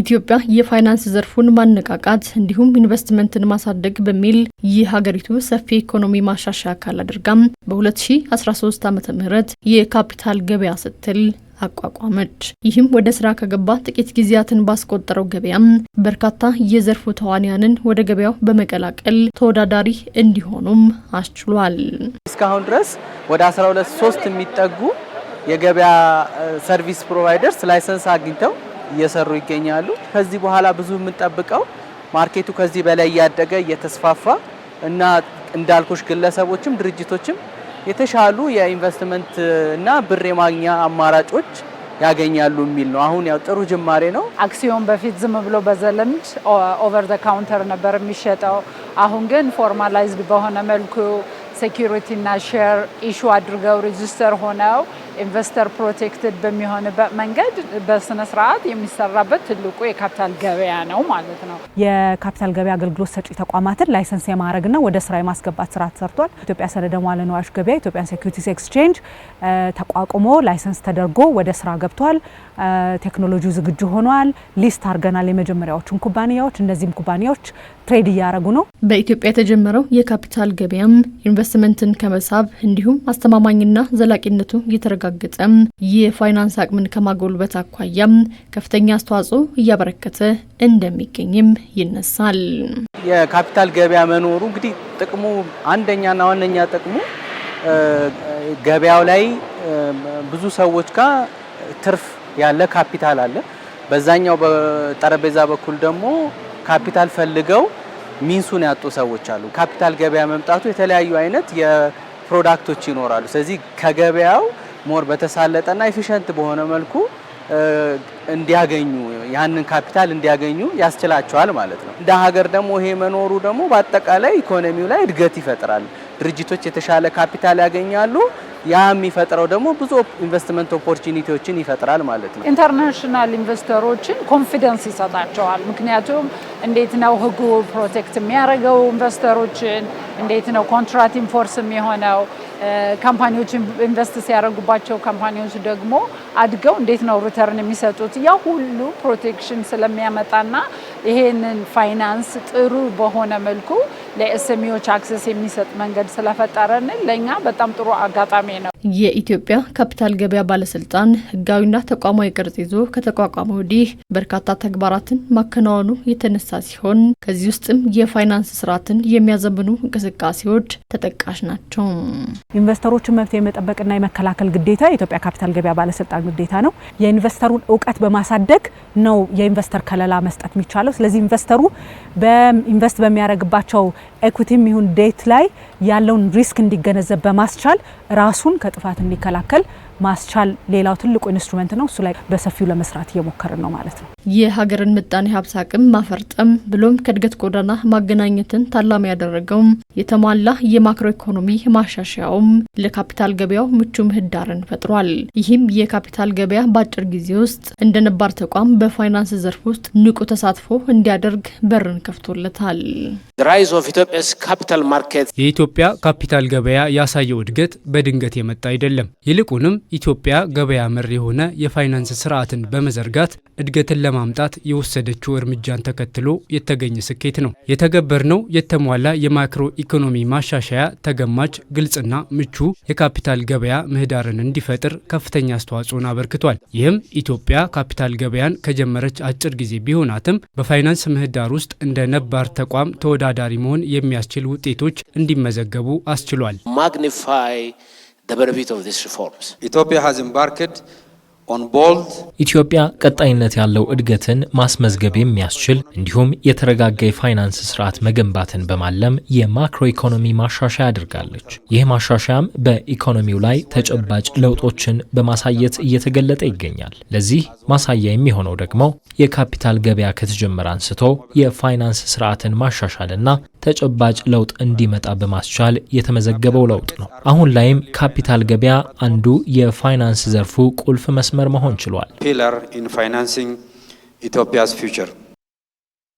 ኢትዮጵያ የፋይናንስ ዘርፉን ማነቃቃት እንዲሁም ኢንቨስትመንትን ማሳደግ በሚል ይህ ሀገሪቱ ሰፊ ኢኮኖሚ ማሻሻያ አካል አድርጋም በ2013 ዓ ም የካፒታል ገበያ ስትል አቋቋመች። ይህም ወደ ስራ ከገባ ጥቂት ጊዜያትን ባስቆጠረው ገበያም በርካታ የዘርፉ ተዋንያንን ወደ ገበያው በመቀላቀል ተወዳዳሪ እንዲሆኑም አስችሏል። እስካሁን ድረስ ወደ 123 የሚጠጉ የገበያ ሰርቪስ ፕሮቫይደርስ ላይሰንስ አግኝተው እየሰሩ ይገኛሉ። ከዚህ በኋላ ብዙ የምንጠብቀው ማርኬቱ ከዚህ በላይ እያደገ እየተስፋፋ እና እንዳልኩሽ ግለሰቦችም ድርጅቶችም የተሻሉ የኢንቨስትመንት እና ብር የማግኛ አማራጮች ያገኛሉ የሚል ነው። አሁን ያው ጥሩ ጅማሬ ነው። አክሲዮን በፊት ዝም ብሎ በዘልምድ ኦቨር ዘ ካውንተር ነበር የሚሸጠው። አሁን ግን ፎርማላይዝድ በሆነ መልኩ ሴኪሪቲ እና ሼር ኢሹ አድርገው ሬጅስተር ሆነው ኢንቨስተር ፕሮቴክትድ በሚሆንበት መንገድ በስነ ስርዓት የሚሰራበት ትልቁ የካፒታል ገበያ ነው ማለት ነው። የካፒታል ገበያ አገልግሎት ሰጪ ተቋማትን ላይሰንስ የማድረግና ወደ ስራ የማስገባት ስራ ተሰርቷል። ኢትዮጵያ ሰነደ ሙዓለ ንዋዮች ገበያ ኢትዮጵያን ሴኩሪቲስ ኤክስቼንጅ ተቋቁሞ ላይሰንስ ተደርጎ ወደ ስራ ገብቷል። ቴክኖሎጂው ዝግጁ ሆኗል። ሊስት አድርገናል የመጀመሪያዎቹን ኩባንያዎች። እነዚህም ኩባንያዎች ትሬድ እያደረጉ ነው። በኢትዮጵያ የተጀመረው የካፒታል ገበያም ኢንቨስትመንትን ከመሳብ እንዲሁም አስተማማኝና ዘላቂነቱ እየተረጋ ይህ የፋይናንስ አቅምን ከማጎልበት አኳያም ከፍተኛ አስተዋጽኦ እያበረከተ እንደሚገኝም ይነሳል። የካፒታል ገበያ መኖሩ እንግዲህ ጥቅሙ አንደኛና ዋነኛ ጥቅሙ ገበያው ላይ ብዙ ሰዎች ጋር ትርፍ ያለ ካፒታል አለ። በዛኛው በጠረጴዛ በኩል ደግሞ ካፒታል ፈልገው ሚንሱን ያጡ ሰዎች አሉ። ካፒታል ገበያ መምጣቱ የተለያዩ አይነት የፕሮዳክቶች ይኖራሉ። ስለዚህ ከገበያው ሞር በተሳለጠና ኤፊሸንት በሆነ መልኩ እንዲያገኙ ያንን ካፒታል እንዲያገኙ ያስችላቸዋል ማለት ነው። እንደ ሀገር ደግሞ ይሄ መኖሩ ደግሞ በአጠቃላይ ኢኮኖሚው ላይ እድገት ይፈጥራል። ድርጅቶች የተሻለ ካፒታል ያገኛሉ። ያ የሚፈጥረው ደግሞ ብዙ ኢንቨስትመንት ኦፖርቹኒቲዎችን ይፈጥራል ማለት ነው። ኢንተርናሽናል ኢንቨስተሮችን ኮንፊደንስ ይሰጣቸዋል። ምክንያቱም እንዴት ነው ህጉ ፕሮቴክት የሚያደርገው ኢንቨስተሮችን፣ እንዴት ነው ኮንትራት ኢንፎርስ የሚሆነው ካምፓኒዎች ኢንቨስት ሲያደርጉባቸው ካምፓኒዎች ደግሞ አድገው እንዴት ነው ሪተርን የሚሰጡት? ያ ሁሉ ፕሮቴክሽን ስለሚያመጣና ይሄንን ፋይናንስ ጥሩ በሆነ መልኩ ለኤስኤምኢዎች አክሰስ የሚሰጥ መንገድ ስለፈጠረን ለእኛ በጣም ጥሩ አጋጣሚ ነው። የኢትዮጵያ ካፒታል ገበያ ባለስልጣን ህጋዊና ተቋማዊ ቅርጽ ይዞ ከተቋቋመ ወዲህ በርካታ ተግባራትን ማከናወኑ የተነሳ ሲሆን ከዚህ ውስጥም የፋይናንስ ስርዓትን የሚያዘምኑ እንቅስቃሴዎች ተጠቃሽ ናቸው። ኢንቨስተሮችን መብት የመጠበቅና የመከላከል ግዴታ የኢትዮጵያ ካፒታል ገበያ ባለስልጣን ግዴታ ነው። የኢንቨስተሩን እውቀት በማሳደግ ነው የኢንቨስተር ከለላ መስጠት የሚቻለው። ስለዚህ ኢንቨስተሩ በኢንቨስት በሚያደርግባቸው ኤኩቲም ይሁን ዴት ላይ ያለውን ሪስክ እንዲገነዘብ በማስቻል ራሱን ከጥፋት እንዲከላከል ማስቻል ሌላው ትልቁ ኢንስትሩመንት ነው። እሱ ላይ በሰፊው ለመስራት እየሞከርን ነው ማለት ነው። የሀገርን ምጣኔ ሀብት አቅም ማፈርጠም ብሎም ከእድገት ጎዳና ማገናኘትን ታላሚ ያደረገውም የተሟላ የማክሮ ኢኮኖሚ ማሻሻያውም ለካፒታል ገበያው ምቹ ምህዳርን ፈጥሯል። ይህም የካፒታል ገበያ በአጭር ጊዜ ውስጥ እንደ ነባር ተቋም በፋይናንስ ዘርፍ ውስጥ ንቁ ተሳትፎ እንዲያደርግ በርን ከፍቶለታል። የኢትዮጵያ ካፒታል ገበያ ያሳየው እድገት በድንገት የመጣ አይደለም። ይልቁንም ኢትዮጵያ ገበያ መር የሆነ የፋይናንስ ስርዓትን በመዘርጋት እድገትን ለማምጣት የወሰደችው እርምጃን ተከትሎ የተገኘ ስኬት ነው። የተገበርነው የተሟላ የማክሮ ኢኮኖሚ ማሻሻያ ተገማች፣ ግልጽና ምቹ የካፒታል ገበያ ምህዳርን እንዲፈጥር ከፍተኛ አስተዋጽኦን አበርክቷል። ይህም ኢትዮጵያ ካፒታል ገበያን ከጀመረች አጭር ጊዜ ቢሆናትም በፋይናንስ ምህዳር ውስጥ እንደ ነባር ተቋም ተወዳዳሪ መሆን የሚያስችል ውጤቶች እንዲመዘገቡ አስችሏል። the benefit of these reforms. Ethiopia has embarked ኢትዮጵያ ቀጣይነት ያለው እድገትን ማስመዝገብ የሚያስችል እንዲሁም የተረጋጋ የፋይናንስ ስርዓት መገንባትን በማለም የማክሮ ኢኮኖሚ ማሻሻያ አድርጋለች። ይህ ማሻሻያም በኢኮኖሚው ላይ ተጨባጭ ለውጦችን በማሳየት እየተገለጠ ይገኛል። ለዚህ ማሳያ የሚሆነው ደግሞ የካፒታል ገበያ ከተጀመረ አንስቶ የፋይናንስ ስርዓትን ማሻሻልና ተጨባጭ ለውጥ እንዲመጣ በማስቻል የተመዘገበው ለውጥ ነው። አሁን ላይም ካፒታል ገበያ አንዱ የፋይናንስ ዘርፉ ቁልፍ መስ መስመር መሆን ችሏል። ፒለር ኢን ፋይናንሲንግ ኢትዮጵያስ ፊውቸር